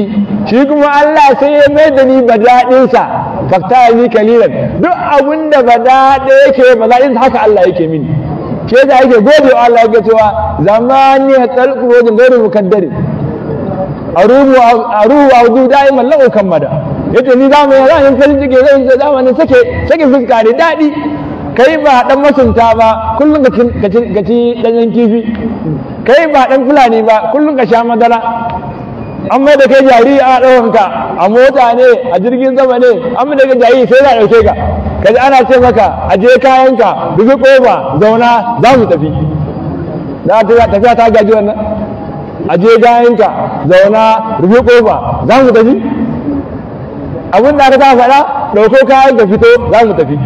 shi kuma Allah sai ya mai da ni ba daɗinsa fakta ni kalilan duk abin da ba daɗe yake daɗinsa haka Allah yake mini shi da ake gode wa Allah ake cewa zamani khalqu wajin gairu mukaddari aruhu aruhu audu da'iman lahu kammada ce ni zamani zan yin farin ciki zai yi zamani sake sake fuska daɗi. kai ba dan masunta ba kullum ka ci ɗanyen kifi kai ba dan fulani ba kullum ka sha madara an mai da kai jariri a ɗaukanka a mota ne a jirgin zama ne an mai da kai jariri sai za a ɗauke ka kaji ana ce maka aje kayanka bugi kofa zauna za mu tafi za ta tafiya ta gaji wannan aje kayanka zauna rufe kofa za mu tafi abin da aka ta faɗa ɗauko ka fito za mu tafi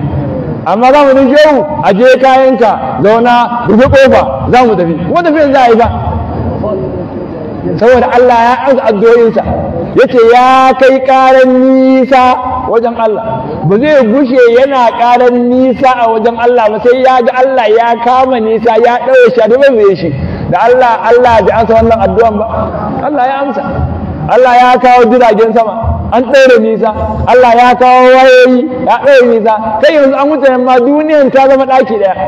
amma za mu nufi yau aje kayanka zauna rufe kofa za mu tafi kuma tafiyan za a yi ba saboda Allah ya ansa addu'o'insa yace ya kai karan nisa wajen Allah ba zai gushe yana ƙarar nisa a wajen Allah ba sai ya ga Allah ya kama nisa ya ɗaure shi da bai shi da Allah Allah an ansa wannan addu'an ba Allah ya amsa Allah ya kawo jiragen sama an ɗaure nisa Allah ya kawo wayoyi ya ɗaure nisa kai yanzu an wuce ma duniyan ta zama ɗaki ɗaya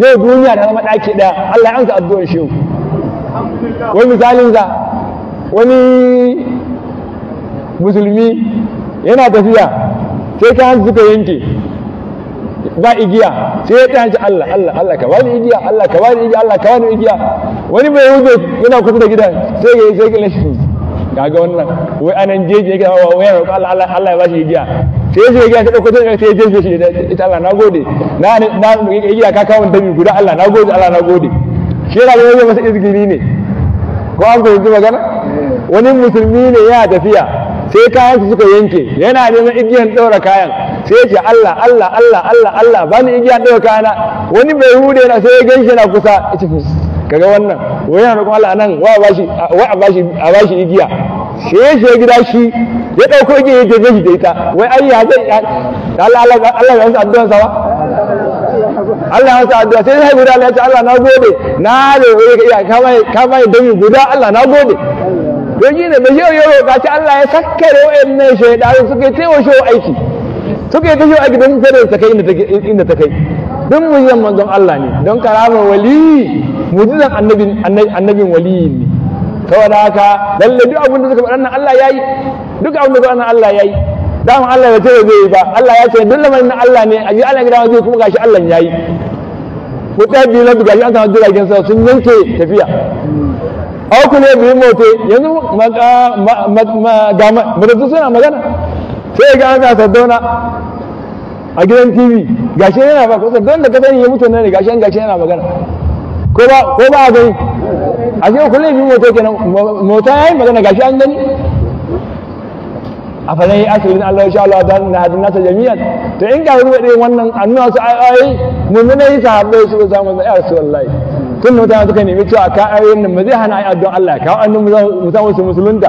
Zai duniya ta zama ɗaki ɗaya Allah ya amsa addu'an shi wani misalin za wani musulmi yana tafiya sai ta hansu suka yanke ba igiya sai ya tashi Allah Allah Allah ka wani igiya Allah ka wani igiya Allah ka wani igiya wani mai wuce yana kusa da gidan sai ga sai ga shi kaga wannan wai anan jeje yake wa wai Allah Allah Allah ya bashi igiya sai ya igiya ta dauko ta sai ya jeje shi da ita Allah nagode na na igiya ka kawo dami guda Allah nagode Allah nagode shi yana ga masa izgini ne ko an ko yanzu magana wani musulmi ne ya tafiya sai kayansu suka yanke yana neman igiyan ɗaura kayan sai ya ce Allah Allah Allah Allah Allah ba ni igiyan ɗaura kayana wani bai hude na sai ya ganshi na kusa ya ce kaga wannan wai yana roƙon Allah nan wa bashi wa a bashi a bashi igiya sai ya shiga gida shi ya ɗauko igiya ya jefe shi da ita wai ai ya zai Allah Allah Allah ya sa addu'a sa Allah ya sa addu'a sai ya guda Allah ya ce Allah na gode na da ka iya ka mai ka mai dami guda Allah na gode don yi ne da yau ya roƙa ta Allah ya sakkare wa'annan shaidanu suka yi taiwa shi aiki suka yi ta shi aiki don tare ta kai inda ta kai don mujizan manzon Allah ne don karama wali mu mujizan annabin wali ne da haka lalle duk abin da suka faɗa nan Allah yi, duk abin da suka faɗa Allah ya yi, dama Allah ya ce da zai yi ba Allah ya ce don lamarin na Allah ne a ji Allah gida zai kuma gashi Allah ya yi, ku ta biyu na gashi an samu jiragen sa sun yanke tafiya aw ku ne bi mote yanzu matattu suna magana sai ga an sa sardauna a gidan tv gashi yana ba kusa don da ka sani ya mutu ne gashi an gashi yana magana ko ba ko gani a ce ku ne bi mote kenan mota yayi magana gashi an gani a fadai asirin Allah Allah na hadin nasa jami'an to in ga wannan annuwa su yi sahabbai su tun mutane suka nemi cewa ka ayoyin nan ba zai hana ai addu'a Allah ka annu mutane su musulunta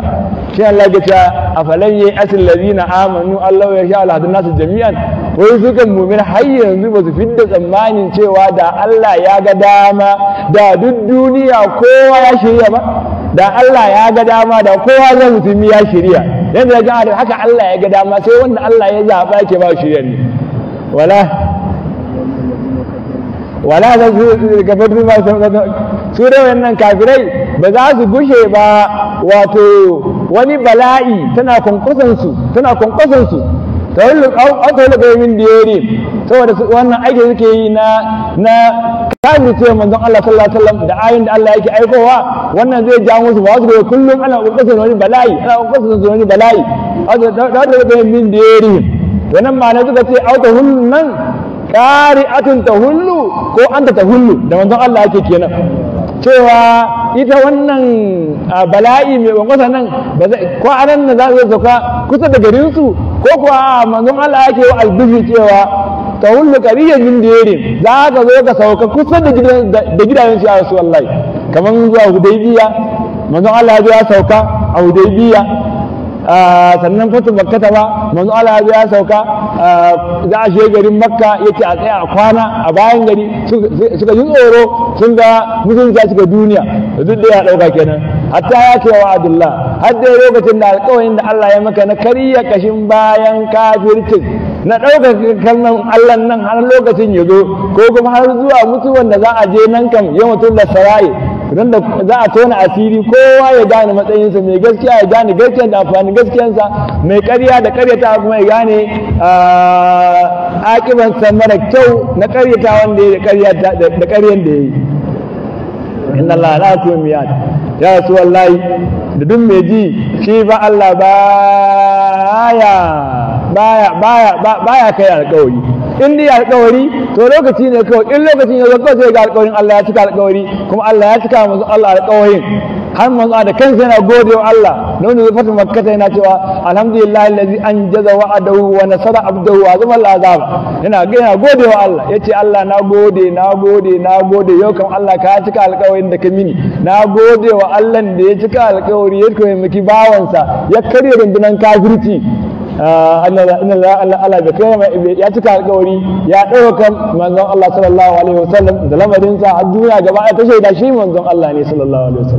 shi Allah ya ce afalan yi asil ladina amanu Allah ya sha alhadun nasu jami'an wai su kan mumin har yanzu ba su fidda tsammanin cewa da Allah ya ga dama da duk duniya kowa ya shirya ba da Allah ya ga dama da kowa zai mutumi ya shirya yanzu ga haka Allah ya ga dama sai wanda Allah ya zaba ke ba shirya ne wala wala da gabar ba su da wannan kafirai ba za su gushe ba wato wani bala'i tana kunkusan su tana kunkusan su tawallu da bayyin diyari saboda wannan aiki suke yi na na kafi ce manzon Allah sallallahu alaihi wasallam da ayin da Allah yake aikowa wannan zai ja musu ba su da kullum ana kunkusan wani bala'i ana kunkusan wani bala'i da da bayyin diyari wannan ma na suka ce auta hunnan ta tahullu ko an ta tahullu da manzon Allah yake kenan cewa ita wannan bala'i mai wankwasa nan ko anan nan za su kusa da garinsu, ko kuwa manzon Allah yake wa albiji cewa tahullu qariyan da yare za ka zo ka sauka kusa da gidan da gidayen shi ya rasulullahi zuwa hudaybiya Allah ya sauka a Hudaibiya. Ah, sannan fatu ta ba manzo Allah ya sauka ah, za a shiga garin makka yake a tsaya a kwana a bayan gari suka yi tsoro sun ga musulunci ya duniya duk da ya dauka kenan hatta ya ce wa abdullah har da lokacin da alƙawarin da Allah ya maka na kariya kashin bayan kafircin na ɗaukaka kallon Allah nan har lokacin ya zo ko kuma har zuwa mutuwan da za a je nan kan yau mutum don da za a tona asiri kowa ya gane matsayinsa mai gaskiya ya gane gaskiyar da amfani gaskiyarsa mai ƙarya da ƙaryata kuma ya gane akibansa ah, mara kyau na ƙaryata wanda ya da ƙaryan da ya yi inna Allah la ya su wallahi da duk mai ji shi ba Allah baya baya baya baya kai alƙawari in dai alƙawari to lokaci ne kawai in lokacin ya zo kawai sai ga alƙawarin Allah ya cika alƙawari kuma Allah ya cika musu Allah alƙawarin har manzo da kansa yana gode wa Allah don da fatan makkata yana cewa alhamdulillah allazi anjaza wa'adahu wa nasara abdahu wa zama al'azab yana ga yana gode wa Allah yace Allah na gode na gode na gode yau kam Allah ka cika alƙawarin da ka mini na gode wa Allah da ya cika alƙawari ya koyi miki bawansa ya karya rundunan kafirci Ah, Allah bai kai ya cika alkawari ya ɗauka manzon Allah sallallahu alaihi sallam da lamarin har duniya gaba ɗaya ta shaida shi manzon Allah ne sallallahu alaihi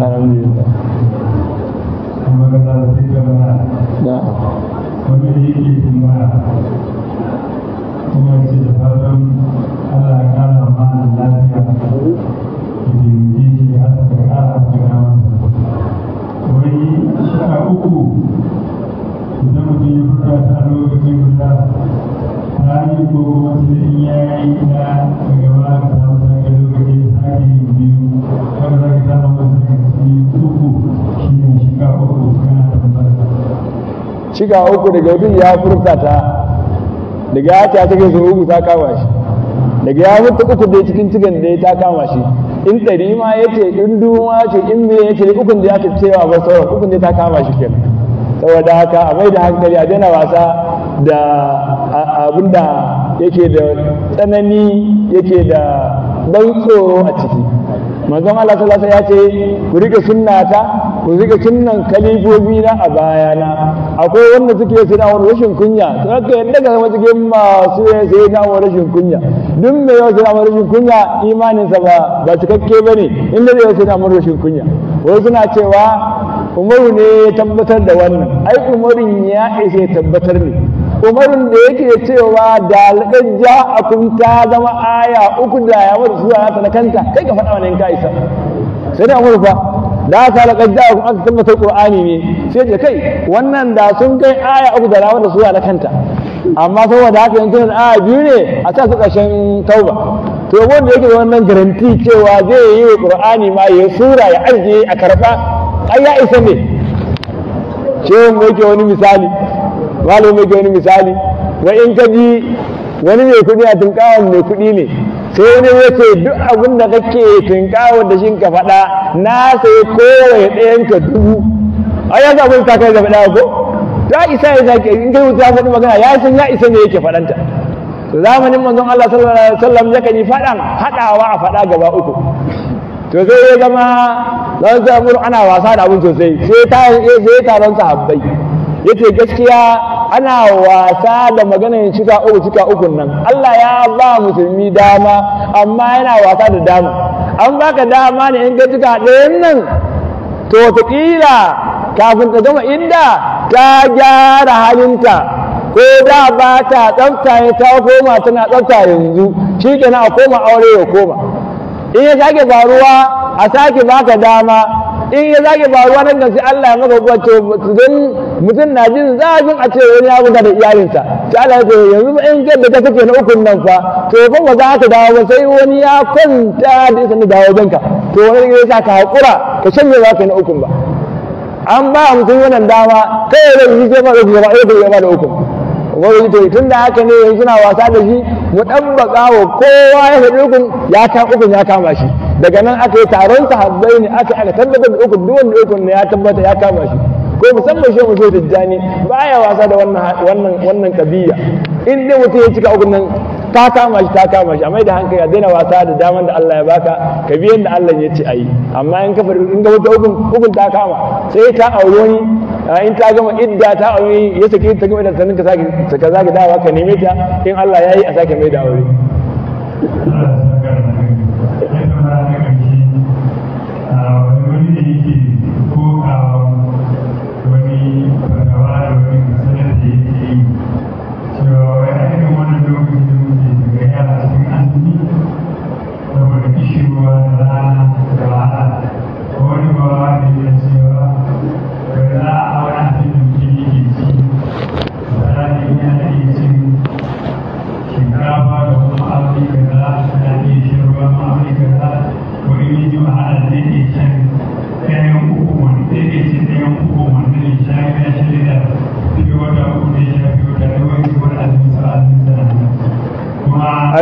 alhamdulillah Thank you. ya yi shiga uku daga wajen ya furta ta daga ya ta cikin su uku ta kama shi daga ya furta uku dai cikin cikin dai ta kama shi in ɗari ma ya ce in duma ce in me ya ce ukun da ya ce cewa ba sauran ukun da ta kama shi kenan. saboda haka a mai da hankali a daina wasa da abin da yake da tsanani yake da ban tsoro a ciki manzon Allah sallallahu ya ce ku rike sunnata ku rike sunnan kalifofi na a bayana akwai wanda suke sai da rashin kunya to haka yadda ga zama cikin masu sai da rashin kunya duk mai yau sai na rashin kunya imaninsa ba ba cikakke bane inda zai yau sai na rashin kunya wai suna cewa umaru ne ya tabbatar da wannan ai umarin ya ishe tabbatar ne umarin da yake cewa da alƙar ja'akun ta zama aya uku da ya wata suwa ya na kanta kai ka faɗa wani ka isa sai da umaru fa da aka alƙar ja'akun aka tabbatar Kur'ani ne sai ce kai wannan da sun kai aya uku da wata sura na kanta amma saboda haka yanzu aya biyu ne a ta su ƙarshen tauba to wanda yake da wannan garanti cewa zai yi wa qur'ani ma ya sura ya ajiye a karɓa. ai ya isa ne mu yake wani misali malam yake wani misali wa in ka ji wani mai kuɗi a tunkawa mai kuɗi ne sai wani ya ce duk abin da kake tunkawa da shi ka faɗa na sai kowai ɗayan ka dubu ai ya zaɓi ta kai da faɗa ko ta isa ya zaki in kai wuta faɗi magana ya san ya isa ne yake faɗanta zamanin manzon Allah sallallahu alaihi wasallam yakan yi faɗan haɗawa a faɗa gaba uku to sai ya zama don zai abun ana wasa da abin sosai sai ta sai taron sahabbai yace gaskiya ana wasa da maganar cika uku cika uku nan Allah ya ba musulmi dama amma yana wasa da dama an baka dama ne in ka ɗayan nan to wataƙila kafin ta zama inda ta gyara halinta ko da ba ta tsafta ta koma tana tsafta yanzu shi kenan a koma aure ya koma in ya sake faruwa a sake baka dama in ya sake faruwa nan ga Allah ya maka kuwa don mutum na jin zafin a ce wani ya buga da iyalinsa sai Allah ya ce yanzu in gadda ta kake na ukun nan fa to fa ba za ka dawo ba sai wani ya kwanta da isa ni dawo banka to wani ya sa ka haƙura ka shanye za ka na ukun ba an ba mutum wannan dama kai zai yi sai ma zai ba da ukun wai to tun da haka ne suna wasa da shi mu dan baka wa kowa ya faɗi ukun ya ka ukun ya kama shi daga nan aka yi taron sahabbai ne aka aka tabbatar da ukun duk wanda ukun ne ya tabbata ya kama shi ko musamman shehu shehu tijjani baya wasa da wannan wannan wannan kabiya in dai mutum ya cika ukun nan ta kama shi ta kama shi a mai da hankali a daina wasa da daman da Allah ya baka ka bi yadda Allah ya ce ayi amma in ka in ga wata hukun ta kama sai ta aure ni in ta gama idda ta aure ya saki ta gama idda sanin ka sake zaki dawa ka neme ta in Allah ya yi a sake mai da aure Thank you.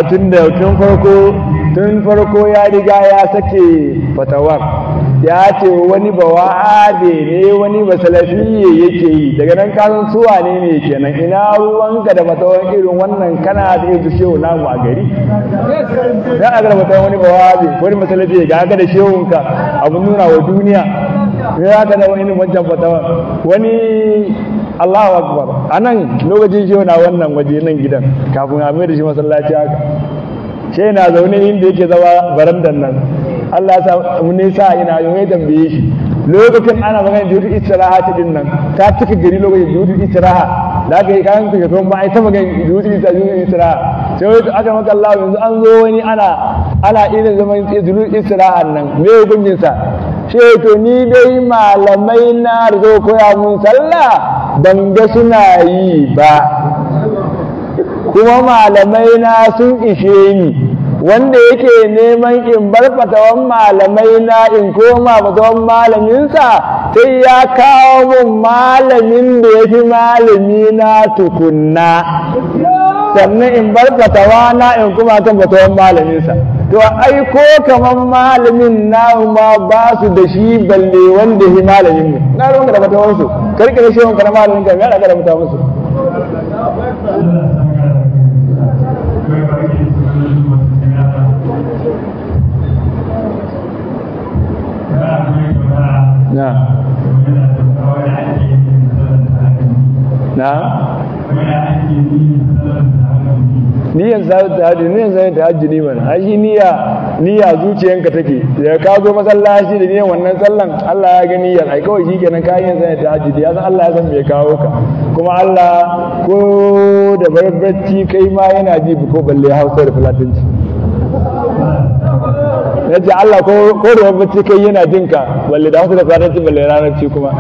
tun da tun farko tun farko ya riga ya sake fatawar ya ce wani ba wa'ade ne wani ba salafiye yake yi daga nan kasan suwa ne ne kenan ina ruwanka da fatawar irin wannan kana da yanzu shehu namu a gari dan a gara fatawar wani ba wa'ade wani ba salafiye ga haka da shehunka abun nuna wa duniya ya haka da wani wancan fatawar wani Allahu akbar nan, lokacin shi na wannan waje nan gidan kafin a mai da shi masallaci haka shi na zaune inda yake zama barandan nan Allah sa mu ne sa ina yau ya tambaye shi lokacin ana magana da yudu istiraha ta din nan ta cika gari lokacin da yudu istiraha da aka yi kayan ka ba a yi ta magana da yudu istiraha sai wani aka maka Allah yanzu an zo wani ana ana irin zaman yudu istiraha nan me hukuncin sa to ni dai malamai na zo koya mun sallah ban ga suna yi ba kuma malamai na sun ishe ni wanda yake neman in bar fatawan malamai na in koma fatawan malaminsa sai ya kawo mun malamin da ya fi malami na tukunna sannan in bar fatawa na in kuma kan fatawan malaminsa to ai ko kaman malamin na ma ba su da shi balle wanda ya fi malamin ne. na ruwan da fatawansu karkar shi wanka na malamin ka ya da mutanensu na na niyan tahajjudi niyan zai ni mana ai niyya niyya zuciyanka take da ka zo masallaci da niyan wannan sallan Allah ya ga niyan ai kawai shikenan ka yin zai hajji ya san Allah ya san me kawo ka kuma Allah ko da barbacci kai ma yana ji ko balle Hausa da Fulatanci na ce Allah ko da bacci kai yana jin ka balle da haka da faranci balle ranar ci kuma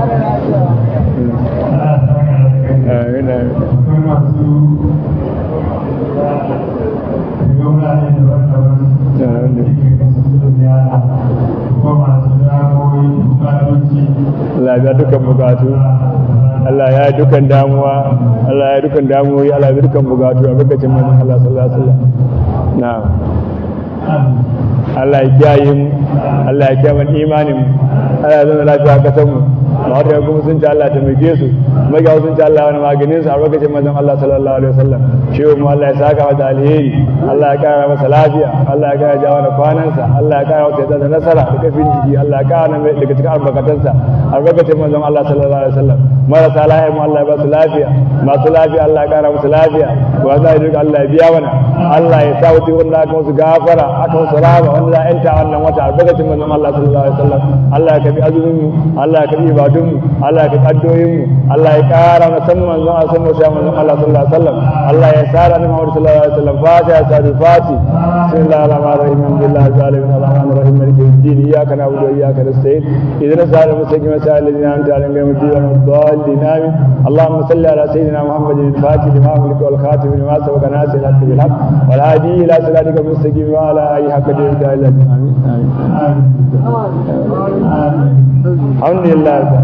Allah ya dukan bukatu Allah ya dukan damuwa Allah ya dukan damuwoyi Allah ya dukan bukatu a lokacin manzon Allah sallallahu alaihi wasallam na'am Allah ya kiyaye mu Allah ya kiyaye imanin mu Allah ya zama lafiya a kasar mu mawata kuma sun ci Allah ta muke su maka sun ci Allah wani maganin su a lokacin manzon Allah sallallahu alaihi wasallam shehu mu Allah ya saka mata alheri Allah ya kara masa lafiya Allah ya kara jawo da kwanansa Allah ya kara wata da nasara da kafin jiki Allah ya kara mai daga cikin albarkatansa a lokacin manzon Allah sallallahu alaihi wasallam marasa lafiya mu Allah ya ba su lafiya masu lafiya Allah ya kara musu lafiya wa za a yi duka Allah ya biya mana Allah ya sa wuce wanda aka musu gafara aka musu rama wanda za a yanta wannan wata a lokacin manzon Allah sallallahu alaihi wasallam Allah ya kafi azumin Allah ya kafi ibadu ibadunmu Allah ka kaddoyinmu Allah ya kara musamman zan a san musa manzon Allah sallallahu alaihi wasallam Allah ya sara ni Muhammad sallallahu alaihi wasallam fatiha sadu fati sallallahu alaihi wasallam billahi zalimin rahmanir rahim maliki yawmiddin iyyaka na'budu wa iyyaka nasta'in ihdinas siratal mustaqim siratal ladzina an'amta alaihim ghayril maghdubi alaihim waladdallin amin اللهم صل على سيدنا محمد الفاتح لما أغلق والخاتم لما سبق ناس الحق بالحق والهادي إلى صراطك المستقيم وعلى أي حق جل آمين آمين الحمد لله